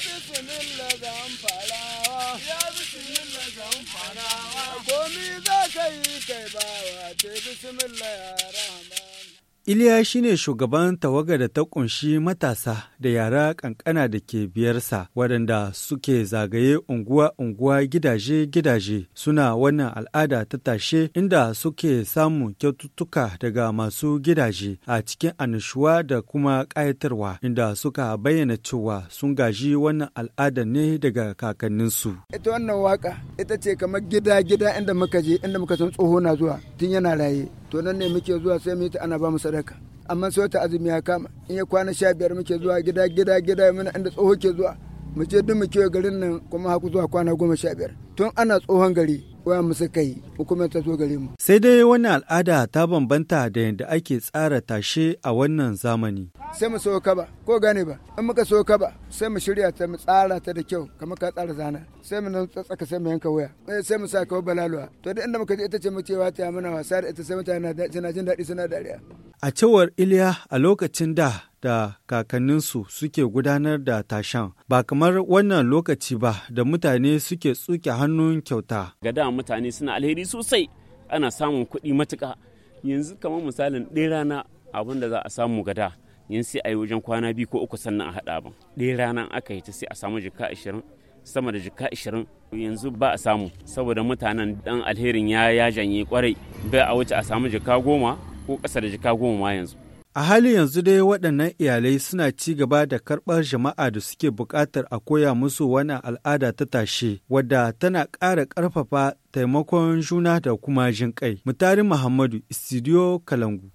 bismilla zan farawa ya bismilla zan farawa komi za ka yi kai bawa ce bismilla ya rahama Iliya shi ne shugaban tawaga da ta ƙunshi matasa da yara ƙanƙana da ke biyarsa waɗanda suke zagaye unguwa-unguwa gidaje-gidaje suna wannan al'ada ta tashe inda suke samun kyaututtuka daga masu gidaje a cikin annishuwa da kuma ƙayatarwa inda suka bayyana cewa sun gaji wannan al'ada ne daga kakanninsu. Ita wannan waka ita ce kamar gida-gida inda muka je inda muka san tsoho na zuwa tun yana raye. to nan ne muke zuwa sai mu yi ta ana ba mu sadaka amma sai ta azumi ya kama in ya kwana sha biyar muke zuwa gida gida gida muna inda tsoho ke zuwa mu je duk mu ke garin nan kuma haku zuwa kwana goma sha biyar tun ana tsohon gari waya mu suka hukumar ta zo gare mu. Sai dai wannan al'ada ta bambanta da yadda ake tsara tashe a wannan zamani. Sai mu so ka ba ko gane ba in muka so ka ba sai mu shirya ta mu tsara ta da kyau kamar ka tsara zana sai mu nan tsaka sai mu yanka waya eh, sai mu sa kawo balaluwa to da inda muka je ita ce mu cewa ta mana wasa da ita sai mutane na jin daɗi suna dariya. A cewar Iliya a lokacin da da kakanninsu suke gudanar da tashan ba kamar wannan lokaci ba da mutane suke tsuke hannun kyauta. Ga da mutane suna alheri sosai ana samun kuɗi matuka yanzu kamar misalin ɗaya rana abin da za a samu gada yanzu sai a yi wajen kwana biyu ko uku sannan a haɗa ba. ɗaya rana aka yi ta sai a samu jika ashirin sama da jika ashirin yanzu ba a samu saboda mutanen dan alherin ya ya janye kwarai bai a wuce a samu jika goma ko ƙasa da jika goma ma yanzu A hali yanzu dai waɗannan iyalai suna ci gaba da karɓar jama'a da suke buƙatar a koya musu wani al'ada ta tashe, wadda tana ƙara ƙarfafa taimakon juna da kuma jin ƙai. Mutari Muhammadu, Studio Kalangu.